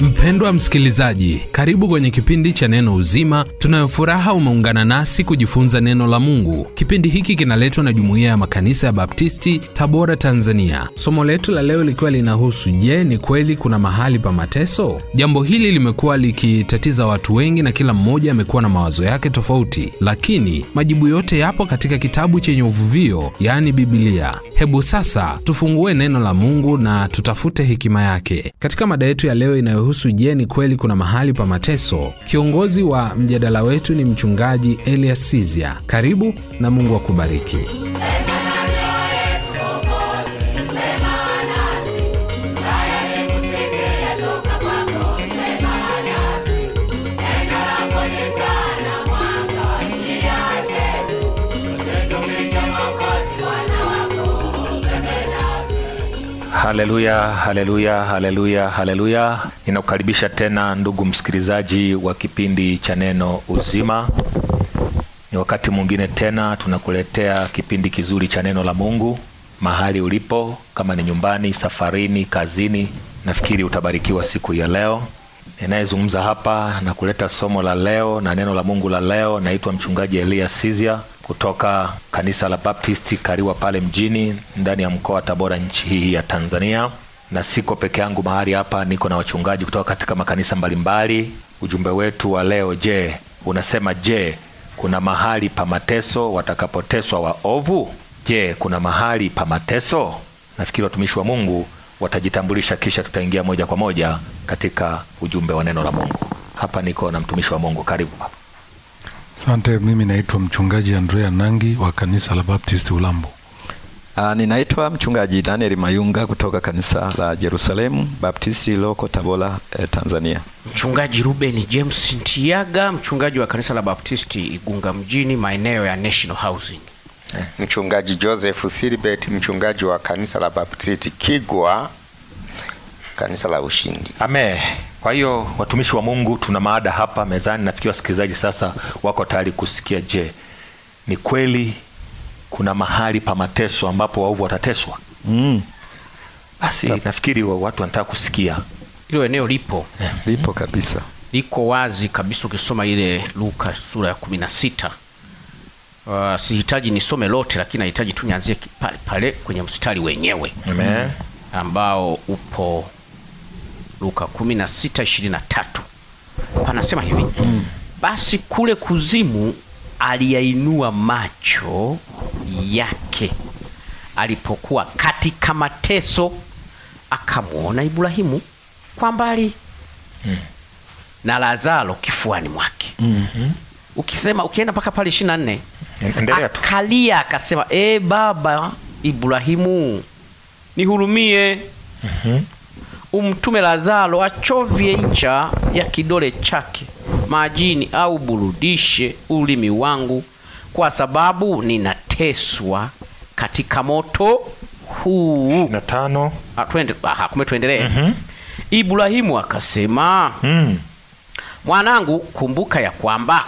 Mpendwa msikilizaji, karibu kwenye kipindi cha Neno Uzima. Tunayofuraha umeungana nasi kujifunza neno la Mungu. Kipindi hiki kinaletwa na Jumuiya ya Makanisa ya Baptisti, Tabora, Tanzania. Somo letu la leo likiwa linahusu je, ni kweli kuna mahali pa mateso? Jambo hili limekuwa likitatiza watu wengi na kila mmoja amekuwa na mawazo yake tofauti, lakini majibu yote yapo katika kitabu chenye uvuvio, yani bibilia Hebu sasa tufungue neno la Mungu na tutafute hekima yake katika mada yetu ya leo inayo kuhusu je, ni kweli kuna mahali pa mateso. Kiongozi wa mjadala wetu ni Mchungaji Elias Sizia. Karibu na Mungu akubariki. Haleluya, haleluya, haleluya, haleluya! Ninakukaribisha tena ndugu msikilizaji wa kipindi cha Neno Uzima. Ni wakati mwingine tena tunakuletea kipindi kizuri cha neno la Mungu mahali ulipo, kama ni nyumbani, safarini, kazini. Nafikiri utabarikiwa siku ya leo. Ninayezungumza hapa na kuleta somo la leo na neno la Mungu la leo naitwa Mchungaji Eliya Sizia kutoka kanisa la Baptisti Kariwa pale mjini ndani ya mkoa wa Tabora, nchi hii ya Tanzania. Na siko peke yangu mahali hapa, niko na wachungaji kutoka katika makanisa mbalimbali. Ujumbe wetu wa leo, je, unasema je, kuna mahali pa mateso watakapoteswa waovu? Je, kuna mahali pa mateso? Nafikiri watumishi wa Mungu watajitambulisha, kisha tutaingia moja kwa moja katika ujumbe wa neno la Mungu. Hapa niko na mtumishi wa Mungu, karibu. Asante, mimi naitwa mchungaji Andrea Nangi wa kanisa la Baptist Ulambo. Uh, ninaitwa mchungaji Daniel Mayunga kutoka kanisa la Jerusalemu Baptist loko Tabora, eh, Tanzania. Mchungaji Ruben James Ntiaga, mchungaji wa kanisa la Baptist Igunga mjini maeneo ya National Housing. Eh. Mchungaji Joseph Silibet, mchungaji wa kanisa la Baptist Kigwa, kanisa la Ushindi. Amen. Kwa hiyo watumishi wa Mungu, tuna maada hapa mezani. Nafikiri wasikilizaji sasa wako tayari kusikia. Je, ni kweli kuna mahali pa mateso ambapo waovu watateswa? mm. Basi nafikiri wa watu wanataka kusikia hilo eneo lipo yeah. lipo kabisa, liko wazi kabisa. Ukisoma ile Luka sura ya kumi na sita uh, sihitaji nisome lote, lakini nahitaji tu nianzie pale pale kwenye mstari wenyewe Amen. ambao upo Luka 16:23 panasema hivi mm. Basi kule kuzimu aliyainua macho yake alipokuwa katika mateso, akamwona Ibrahimu kwa mbali mm. na Lazaro kifuani mwake mm -hmm. Ukisema ukienda mpaka pale ishirini na nne akalia akasema, e Baba Ibrahimu nihurumie. mm -hmm umtume Lazaro achovye ncha ya kidole chake majini, au burudishe ulimi wangu, kwa sababu ninateswa katika moto huu. Ah, tuendelee. mm -hmm. Ibrahimu akasema mm. Mwanangu, kumbuka ya kwamba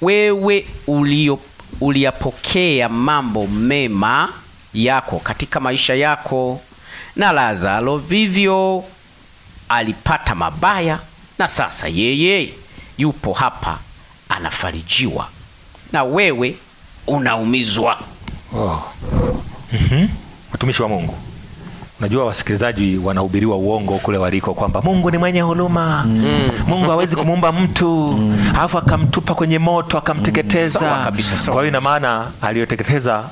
wewe ulio uliyapokea mambo mema yako katika maisha yako na Lazaro vivyo alipata mabaya, na sasa yeye yupo hapa anafarijiwa, na wewe unaumizwa. Oh. Mm -hmm. Mtumishi wa Mungu, Unajua, wasikilizaji wanahubiriwa uongo kule waliko kwamba Mungu ni mwenye huruma mm. Mungu hawezi kumuumba mtu mm. alafu akamtupa kwenye moto akamteketeza. Mm. Kwa hiyo ina maana aliyoteketeza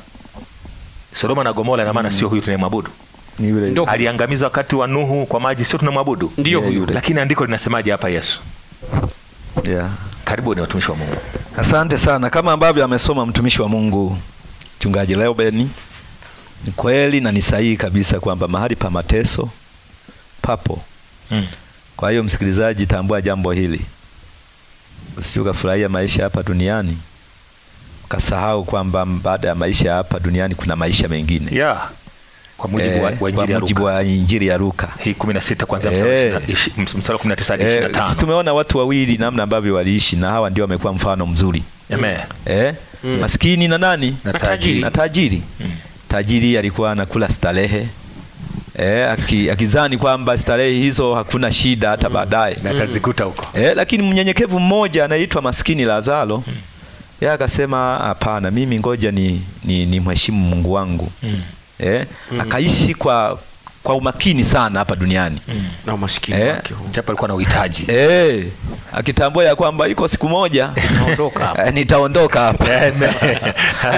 Sodoma na Gomora, ina maana mm. sio huyu tunayemwabudu aliangamiza wakati wa Nuhu kwa maji, sio tunamwabudu ndio huyu, lakini andiko linasemaje hapa Yesu? Yeah. Karibuni watumishi wa Mungu. Asante sana, kama ambavyo amesoma mtumishi wa Mungu mchungaji Beni, ni kweli na ni sahihi kabisa kwamba mahali pa mateso papo mm. Kwa hiyo msikilizaji, tambua jambo hili, usije kafurahia maisha hapa duniani kasahau kwamba baada ya maisha hapa duniani kuna maisha mengine yeah kwa mujibu eh, wa Injili ya Luka hii 16 kuanzia eh. mstari wa 19 hadi 25. Eh, tumeona watu wawili namna ambavyo waliishi na hawa ndio wamekuwa mfano mzuri. Amen. Eh? Mm. Maskini na nani? Na tajiri. Na tajiri. Mm. Tajiri alikuwa anakula starehe. Eh, akizani kwamba starehe hizo hakuna shida hata mm. baadaye na atazikuta huko. Eh, lakini mnyenyekevu mmoja anaitwa maskini Lazaro yeye akasema hapana, mimi ngoja ni, ni, ni mheshimu Mungu wangu mm eh, mm. akaishi kwa kwa umakini sana hapa duniani mm. na umaskini eh, wake japo alikuwa na uhitaji eh, akitambua ya kwamba iko siku moja nitaondoka hapa eh, nitaondoka hapa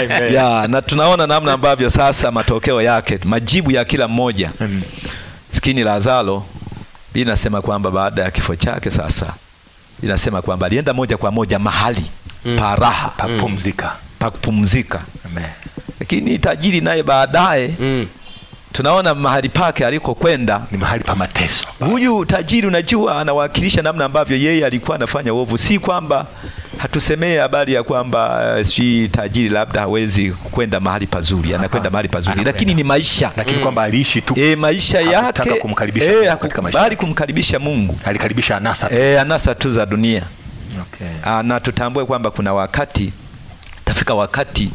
Amen. ya na tunaona namna ambavyo sasa matokeo yake majibu ya kila mmoja mm. Sikini Lazaro inasema kwamba baada ya kifo chake sasa inasema kwamba alienda moja kwa moja mahali mm. raha pa mm. kupumzika mm. pa kupumzika lakini tajiri naye baadaye mm. Tunaona mahali pake alikokwenda ni mahali pa mateso. Huyu tajiri, unajua, anawakilisha namna ambavyo yeye alikuwa anafanya uovu. Si kwamba hatusemee habari ya kwamba eh, si tajiri labda hawezi kwenda mahali pazuri, anakwenda ah, mahali pazuri Anakwenda. Lakini ni maisha, lakini kwamba aliishi tu e, maisha eh, yake bali kumkaribisha Mungu, alikaribisha anasa tu, e, anasa tu za dunia okay. Ah, na tutambue kwamba kuna wakati tafika wakati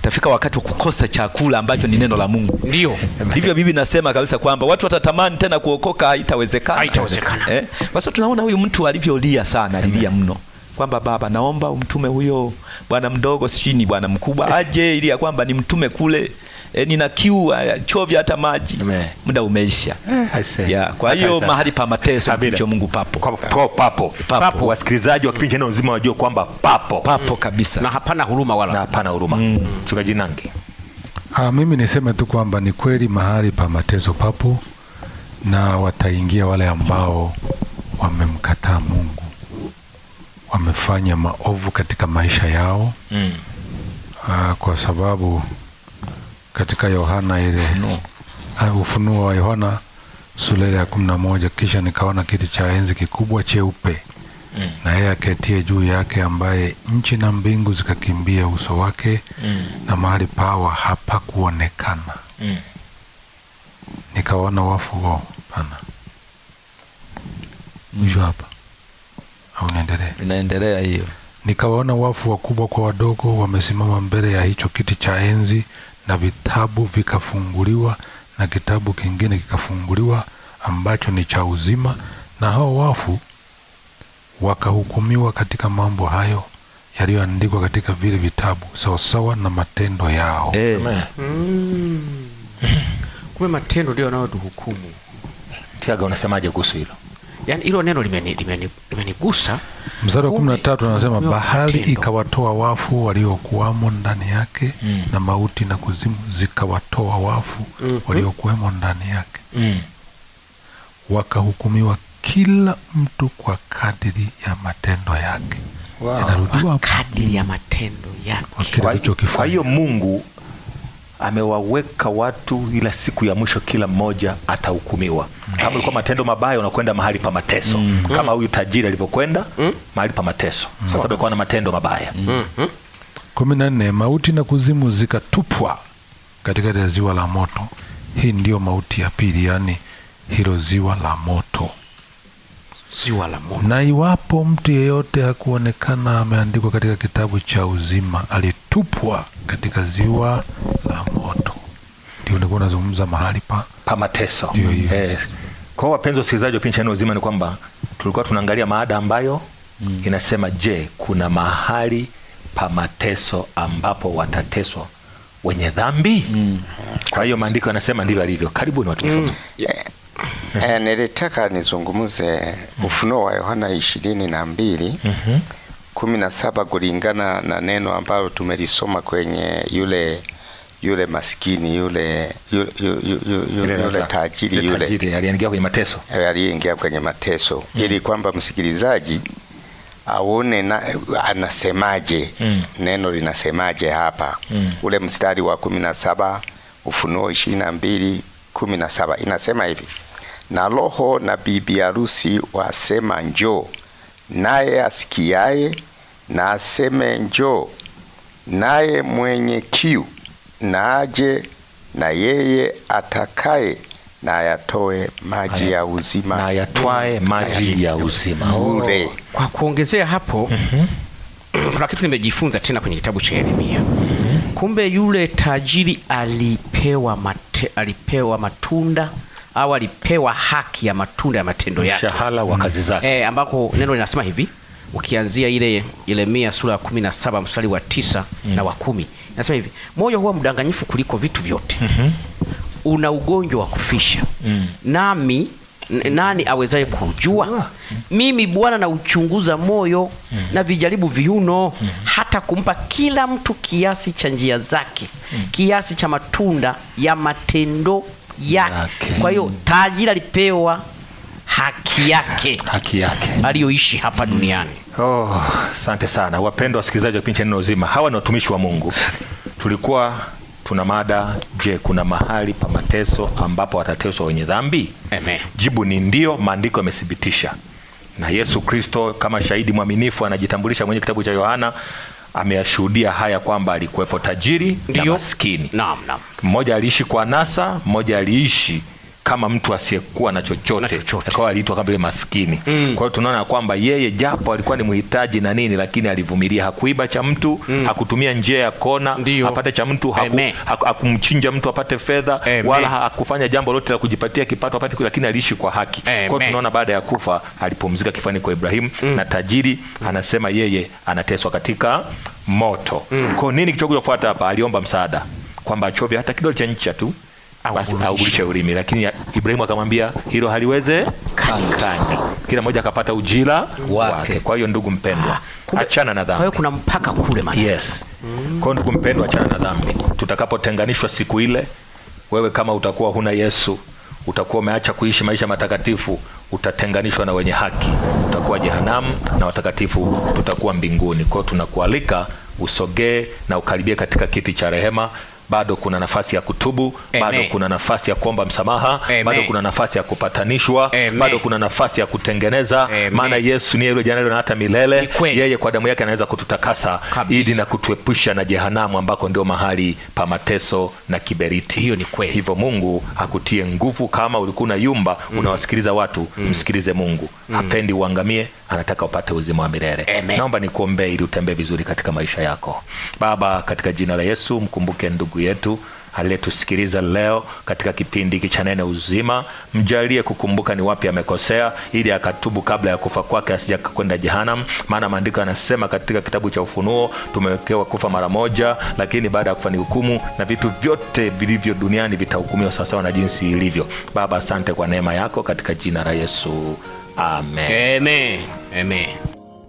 tafika wakati wa kukosa chakula ambacho ni neno la Mungu. Ndio. Ndivyo Biblia inasema kabisa kwamba watu watatamani tena kuokoka, haitawezekana. Haitawezekana. Eh? Basi tunaona huyu mtu alivyolia sana, alilia mno kwamba baba, naomba umtume huyo bwana mdogo, sijui bwana mkubwa aje, ili ya kwamba ni mtume kule E, nina kiu chovya hata maji, muda umeisha. Yeah, kwa hiyo mahali pa mateso cho Mungu papo, kwa, kwa, papo. Papo. Papo. Wasikilizaji wa kipindi cha Neno Uzima wajue kwamba papo papo kabisa na hapana huruma wala na hapana huruma mm. Mchungaji Nangi, ah, mimi niseme tu kwamba ni kweli mahali pa mateso papo na wataingia wale ambao wamemkataa Mungu wamefanya maovu katika maisha yao mm. Aa, ah, kwa sababu katika Yohana ile Uh, Ufunuo wa Yohana sura ya kumi na moja kisha nikaona kiti cha enzi kikubwa cheupe mm. na yeye aketie juu yake, ambaye nchi na mbingu zikakimbia uso wake mm. na mahali pawa hapakuonekana mm. nikawaona wafu wao pana mwisho mm. hapa unaendelea hiyo. Nikawaona wafu wakubwa kwa wadogo wamesimama mbele ya hicho kiti cha enzi, na vitabu vikafunguliwa, na kitabu kingine kikafunguliwa ambacho ni cha uzima, na hao wafu wakahukumiwa katika mambo hayo yaliyoandikwa katika vile vitabu sawasawa na matendo yao. Hey. Eh. Mm. Kumbe matendo ndio yanayotuhukumu. Tiaga, unasemaje kuhusu hilo? Yani hilo neno limenigusa limeni, mstari wa kumi na tatu anasema bahari ikawatoa wafu waliokuwamo ndani yake mm. na mauti na kuzimu zikawatoa wafu mm -hmm. waliokuwemo ndani yake mm. wakahukumiwa kila mtu kwa kadiri ya matendo yake. Wow. kadiri ya matendo yake. Kwa hiyo Mungu amewaweka watu, ila siku ya mwisho kila mmoja atahukumiwa. Kama ulikuwa matendo mabaya, unakwenda mahali pa mateso mm. mm. kama huyu tajiri alivyokwenda mm. mahali pa mateso mm. sasa alikuwa na matendo mabaya mm. mm. mm. kumi na nne. Mauti na kuzimu zikatupwa katikati ya ziwa la moto. Hii ndiyo mauti ya pili, yaani hilo ziwa la moto ziwa la moto. Na iwapo mtu yeyote hakuonekana ameandikwa katika kitabu cha uzima, alitupwa katika ziwa la moto. Ndio nilikuwa nazungumza mahali pa pa mateso. Ndio hiyo. Eh, kwa wapenzi wasikilizaji wa kipindi cha uzima, ni kwamba tulikuwa tunaangalia maada ambayo mm, inasema je, kuna mahali pa mateso ambapo watateswa wenye dhambi? Mm. Kwa hiyo maandiko yanasema ndivyo alivyo. ni watu. Mm. Yeah. E, nilitaka nizungumuze Ufunuo wa Yohana ishirini na mbili mhm. kumi na saba kulingana na neno ambalo tumelisoma kwenye yule yule maskini yule yule, yule, yule, yule tajiri yule aliingia kwenye mateso, eh, aliingia kwenye mateso mm. ili kwamba msikilizaji aone na, anasemaje mm. neno linasemaje hapa mm. ule mstari wa kumi na saba Ufunuo ishirini na mbili kumi na saba inasema hivi na Roho na bibi harusi wasema njoo, naye asikiaye na aseme njoo, naye mwenye kiu na aje, na yeye atakaye na ayatoe maji ya uzima na ayatwae maji ya uzima bure. Kwa kuongezea hapo, mm -hmm. kuna kitu nimejifunza tena kwenye kitabu cha Yeremia mm -hmm. Kumbe yule tajiri alipewa mate, alipewa matunda au alipewa haki ya matunda ya matendo yake, mshahara wa kazi mm. zake eh, ambako neno linasema hivi ukianzia ile Yeremia sura ya 17 mstari wa tisa mm. na wa kumi nasema hivi, moyo huwa mdanganyifu kuliko vitu vyote mm -hmm. una ugonjwa wa kufisha mm. nami nani awezaye kujua mm. Mimi Bwana na uchunguza moyo mm. na vijaribu viuno mm. hata kumpa kila mtu kiasi cha njia zake mm. kiasi cha matunda ya matendo yake Kwa hiyo tajiri alipewa haki yake, haki yake aliyoishi hapa duniani. Oh, asante sana wapendwa wasikilizaji wa kipindi cha Neno Uzima. Hawa ni watumishi wa Mungu. Tulikuwa tuna mada, je, kuna mahali pa mateso ambapo watateswa wenye dhambi? Amen. Jibu ni ndio, maandiko yamethibitisha, na Yesu Kristo kama shahidi mwaminifu anajitambulisha mwenye kitabu cha Yohana ameyashuhudia haya kwamba alikuwepo tajiri Ndiyo. na maskini. Naam, naam. Mmoja aliishi kwa nasa, mmoja aliishi kama mtu asiyekuwa na chochote, akawa aliitwa kama vile maskini mm. Kwa hiyo tunaona kwamba yeye japo alikuwa ni mhitaji na nini, lakini alivumilia, hakuiba cha mtu mm. hakutumia njia ya kona Ndiyo. apate cha mtu haku, haku, hakumchinja mtu apate fedha wala hakufanya jambo lote la kujipatia kipato apate, lakini aliishi kwa haki. Kwa hiyo tunaona baada ya kufa alipumzika kifani kwa Ibrahimu mm. na tajiri anasema yeye anateswa katika moto mm. Kwa nini kichokuja kufuata hapa? Aliomba msaada kwamba achovye hata kidole cha ncha tu aulisha ulimi, lakini Ibrahimu akamwambia hilo haliwezekana. Kila mmoja akapata ujira wake. Kwa hiyo ndugu mpendwa, ah, achana na dhambi. Kwa hiyo kuna mpaka kule maana. Yes. Mm. Kwa ndugu mpendwa, achana na dhambi. Tutakapotenganishwa siku ile, wewe kama utakuwa huna Yesu, utakuwa umeacha kuishi maisha matakatifu, utatenganishwa na wenye haki, utakuwa jehanamu, na watakatifu tutakuwa mbinguni. Kwa hiyo tunakualika usogee na ukaribie katika kiti cha rehema bado kuna nafasi ya kutubu Amen. Bado kuna nafasi ya kuomba msamaha Amen. Bado kuna nafasi ya kupatanishwa Amen. Bado kuna nafasi ya kutengeneza, maana Yesu ni yule jana leo na hata milele. Yeye kwa damu yake anaweza kututakasa ili na kutuepusha na jehanamu ambako ndio mahali pa mateso na kiberiti. Hiyo ni kweli. Hivyo Mungu akutie nguvu. Kama ulikuwa na yumba mm. unawasikiliza watu mm. msikilize Mungu mm. hapendi uangamie, anataka upate uzima wa milele. Naomba nikuombee ili utembee vizuri katika maisha yako. Baba, katika jina la Yesu mkumbuke ndugu yetu aliyetusikiliza leo katika kipindi hiki cha nene Uzima, mjalie kukumbuka ni wapi amekosea, ili akatubu kabla ya kufa kwake, kwenda jehanamu. Maana maandiko yanasema katika kitabu cha Ufunuo, tumewekewa kufa mara moja, lakini baada ya kufa ni hukumu, na vitu vyote vilivyo duniani vitahukumiwa sawasawa na jinsi ilivyo. Baba, asante kwa neema yako, katika jina la Yesu, amen, amen. amen.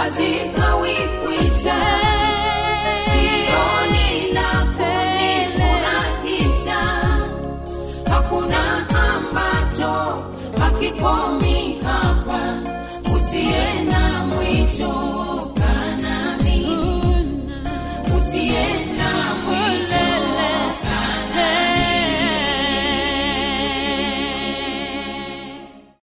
Azita.